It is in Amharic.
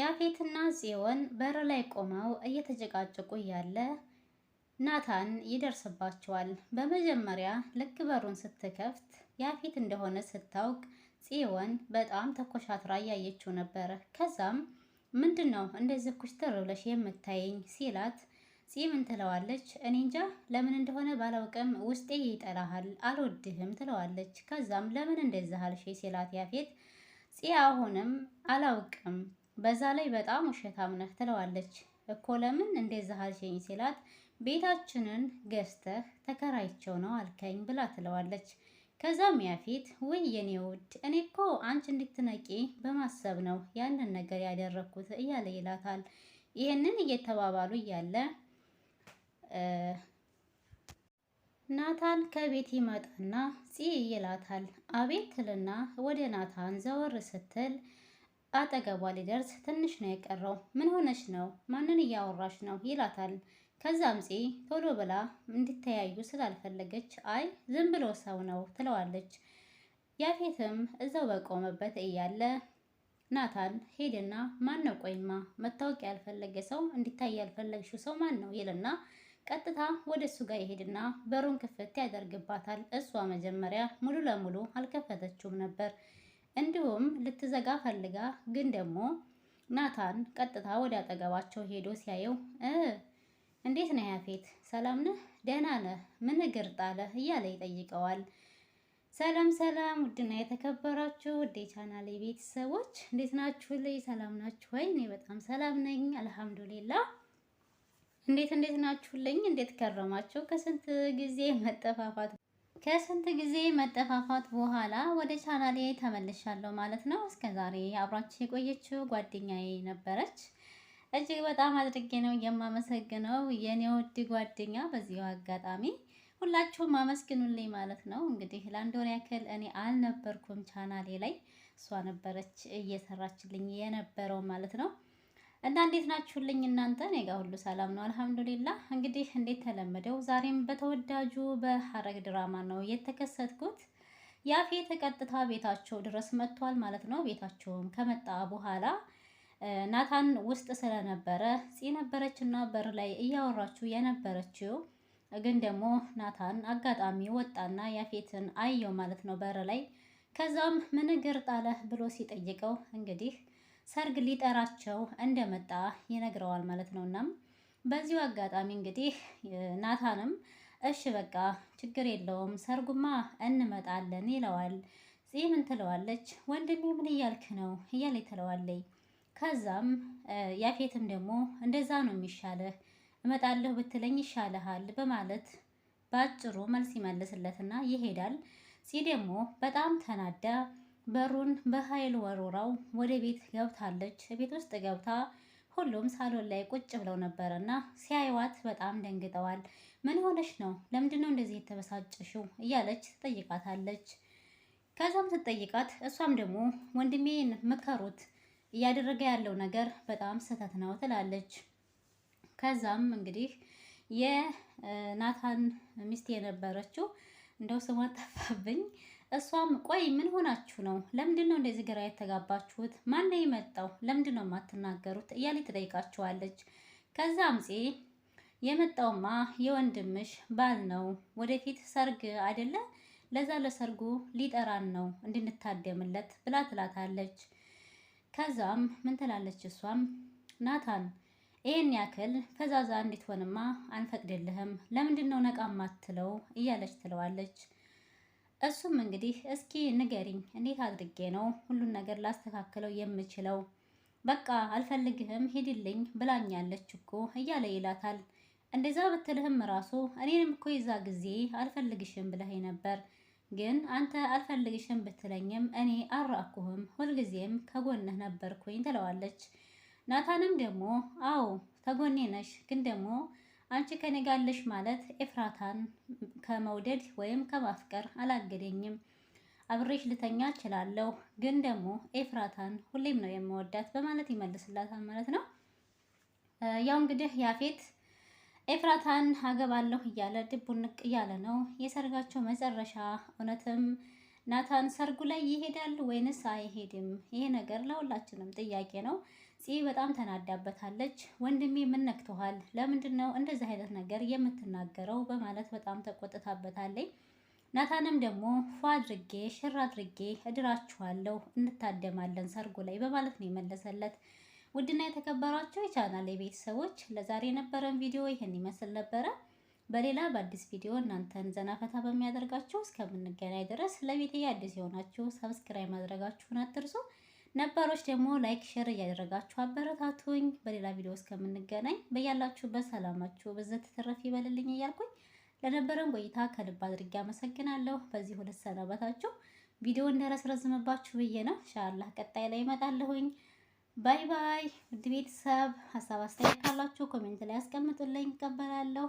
ያፌትና ጽዮን በር ላይ ቆመው እየተጨቃጨቁ እያለ ናታን ይደርስባቸዋል። በመጀመሪያ ልክ በሩን ስትከፍት ያፌት እንደሆነ ስታውቅ ጽዮን በጣም ተኮሻትራ እያየችው ነበር ከዛም ምንድን ነው እንደዚህ ኩሽትር ብለሽ የምታየኝ ሲላት ፂም ትለዋለች። እኔ እንጃ ለምን እንደሆነ ባላውቅም ውስጤ ይጠላሃል፣ አልወድህም ትለዋለች። ከዛም ለምን እንደዚህ አልሽ ሲላት ያፌት ጽ አሁንም አላውቅም በዛ ላይ በጣም ውሸታም ነህ ትለዋለች። እኮ ለምን እንደዛ አልሽኝ ሲላት ቤታችንን ገዝተህ ተከራይቸው ነው አልከኝ ብላ ትለዋለች። ከዛም ያፌት ውይ የኔ ውድ እኔ እኮ አንቺ እንድትነቂ በማሰብ ነው ያንን ነገር ያደረግኩት እያለ ይላታል። ይህንን እየተባባሉ እያለ ናታን ከቤት ይመጣና ፂ ይላታል። አቤት ትልና ወደ ናታን ዘወር ስትል አጠገቧ ሊደርስ ትንሽ ነው የቀረው። ምን ሆነች ነው? ማንን እያወራሽ ነው? ይላታል። ከዛም ፄ ቶሎ ብላ እንዲተያዩ ስላልፈለገች አይ ዝም ብሎ ሰው ነው ትለዋለች። ያፌትም እዛው በቆመበት እያለ ናታን ሄድና ማን ነው ቆይማ፣ መታወቂያ ያልፈለገ ሰው እንዲታይ ያልፈለግሽው ሰው ማን ነው ይልና ቀጥታ ወደ እሱ ጋር ይሄድና በሩን ክፍት ያደርግባታል። እሷ መጀመሪያ ሙሉ ለሙሉ አልከፈተችውም ነበር። እንዲሁም ልትዘጋ ፈልጋ ግን ደግሞ ናታን ቀጥታ ወደ አጠገባቸው ሄዶ ሲያየው እንዴት ነህ ያፌት፣ ሰላም ነህ? ደህና ነህ? ምን እግር ጣለህ? እያለ ይጠይቀዋል። ሰላም ሰላም፣ ውድና የተከበራችሁ ውድ ቻናል ቤተሰቦች እንዴት ናችሁ? ልይ ሰላም ናችሁ ወይ? እኔ በጣም ሰላም ነኝ አልሐምዱሊላ። እንዴት እንዴት ናችሁልኝ? እንዴት ከረማችሁ? ከስንት ጊዜ መጠፋፋት ከስንት ጊዜ መጠፋፋት በኋላ ወደ ቻናሌ ተመልሻለሁ ማለት ነው። እስከ ዛሬ አብራችሁ የቆየችው ጓደኛዬ ነበረች። እጅግ በጣም አድርጌ ነው የማመሰግነው የኔ ውድ ጓደኛ። በዚሁ አጋጣሚ ሁላችሁም አመስግኑልኝ ማለት ነው። እንግዲህ ለአንድ ወር ያክል እኔ አልነበርኩም ቻናሌ ላይ፣ እሷ ነበረች እየሰራችልኝ የነበረው ማለት ነው። እና እንዴት ናችሁልኝ እናንተ? እኔ ጋር ሁሉ ሰላም ነው አልሐምዱሊላ። እንግዲህ እንዴት ተለመደው ዛሬም በተወዳጁ በሐረግ ድራማ ነው የተከሰትኩት። ያፌት ቀጥታ ቤታቸው ድረስ መጥቷል ማለት ነው። ቤታቸውም ከመጣ በኋላ ናታን ውስጥ ስለነበረ ጽ ነበረች እና በር ላይ እያወራችው የነበረችው ግን ደግሞ ናታን አጋጣሚ ወጣና ያፌትን አየው ማለት ነው በር ላይ። ከዛም ምን እግር ጣለህ ብሎ ሲጠይቀው እንግዲህ ሰርግ ሊጠራቸው እንደመጣ ይነግረዋል ማለት ነው። እናም በዚሁ አጋጣሚ እንግዲህ ናታንም እሺ በቃ ችግር የለውም ሰርጉማ እንመጣለን ይለዋል። ፂም ትለዋለች ወንድሜ ምን እያልክ ነው እያለ ትለዋለች። ከዛም ያፌትም ደግሞ እንደዛ ነው የሚሻልህ እመጣለሁ ብትለኝ ይሻልሃል በማለት በአጭሩ መልስ ይመልስለትና ይሄዳል። ፂ ደግሞ በጣም ተናዳ በሩን በኃይል ወርውራው ወደ ቤት ገብታለች። ቤት ውስጥ ገብታ ሁሉም ሳሎን ላይ ቁጭ ብለው ነበረ እና ሲያይዋት በጣም ደንግጠዋል። ምን ሆነሽ ነው? ለምንድን ነው እንደዚህ የተበሳጨሽው? እያለች ትጠይቃታለች። ከዛም ስትጠይቃት እሷም ደግሞ ወንድሜን ምከሩት፣ እያደረገ ያለው ነገር በጣም ስህተት ነው ትላለች። ከዛም እንግዲህ የናታን ሚስት የነበረችው እንደው ስሟ ጠፋብኝ እሷም ቆይ ምን ሆናችሁ ነው? ለምንድን ነው እንደዚህ ግራ የተጋባችሁት? ማን ነው የመጣው? ለምንድን ነው የማትናገሩት? እያለ ትጠይቃችኋለች። ከዛ አምፄ የመጣውማ የወንድምሽ ባል ነው። ወደፊት ሰርግ አይደለ? ለዛ ለሰርጉ ሊጠራን ነው እንድንታደምለት ብላ ትላታለች። ከዛም ምን ትላለች እሷም ናታን ይህን ያክል ፈዛዛ እንድትሆንማ አንፈቅድልህም። ለምንድን ነው ነቃ ማትለው? እያለች ትለዋለች። እሱም እንግዲህ እስኪ ንገሪኝ፣ እንዴት አድርጌ ነው ሁሉን ነገር ላስተካክለው የምችለው? በቃ አልፈልግህም ሂድልኝ ብላኛለች እኮ እያለ ይላታል። እንደዛ ብትልህም ራሱ እኔንም እኮ የዛ ጊዜ አልፈልግሽም ብለህ ነበር፣ ግን አንተ አልፈልግሽም ብትለኝም እኔ አራኩህም፣ ሁልጊዜም ከጎንህ ነበርኩኝ ትለዋለች። ናታንም ደግሞ አዎ ተጎኔ ነሽ፣ ግን ደግሞ አንቺ ከኔ ጋር አለሽ ማለት ኤፍራታን ከመውደድ ወይም ከማፍቀር አላገደኝም። አብሬሽ ልተኛ እችላለሁ፣ ግን ደግሞ ኤፍራታን ሁሌም ነው የምወዳት በማለት ይመልስላታል ማለት ነው። ያው እንግዲህ ያፌት ኤፍራታን አገባለሁ እያለ ድቡንቅ እያለ ነው። የሰርጋቸው መጨረሻ እውነትም ናታን ሰርጉ ላይ ይሄዳል ወይንስ አይሄድም? ይሄ ነገር ለሁላችንም ጥያቄ ነው። ጽ በጣም ተናዳበታለች። ወንድሜ ምን ነክቶሃል? ለምንድን ነው እንደዚህ አይነት ነገር የምትናገረው? በማለት በጣም ተቆጥታበታለች። ናታንም ደግሞ ፏ አድርጌ ሽር አድርጌ እድራችኋለሁ እንታደማለን ሰርጉ ላይ በማለት ነው የመለሰለት። ውድና የተከበሯቸው የቻናል የቤተሰቦች ለዛሬ የነበረን ቪዲዮ ይህን ይመስል ነበረ። በሌላ በአዲስ ቪዲዮ እናንተን ዘና ፈታ በሚያደርጋችሁ እስከምንገናኝ ድረስ ለቤቴ አዲስ የሆናችሁ ሰብስክራይብ ማድረጋችሁን አትርሱ። ነባሮች ደግሞ ላይክ፣ ሼር እያደረጋችሁ አበረታቱኝ። በሌላ ቪዲዮ እስከምንገናኝ በያላችሁበት ሰላማችሁ ብዝት ትረፍ ይበልልኝ እያልኩኝ ለነበረን ቆይታ ከልብ አድርጌ አመሰግናለሁ። በዚህ ሁለት ሰናበታችሁ። ቪዲዮ እንደረስረዝምባችሁ ብዬ ነው። ኢንሻአላህ ቀጣይ ላይ ይመጣለሁኝ። ባይ ባይ። ውድ ቤተሰብ ሀሳብ አስተያየት ካላችሁ ኮሜንት ላይ አስቀምጡልኝ፣ ይቀበላለሁ።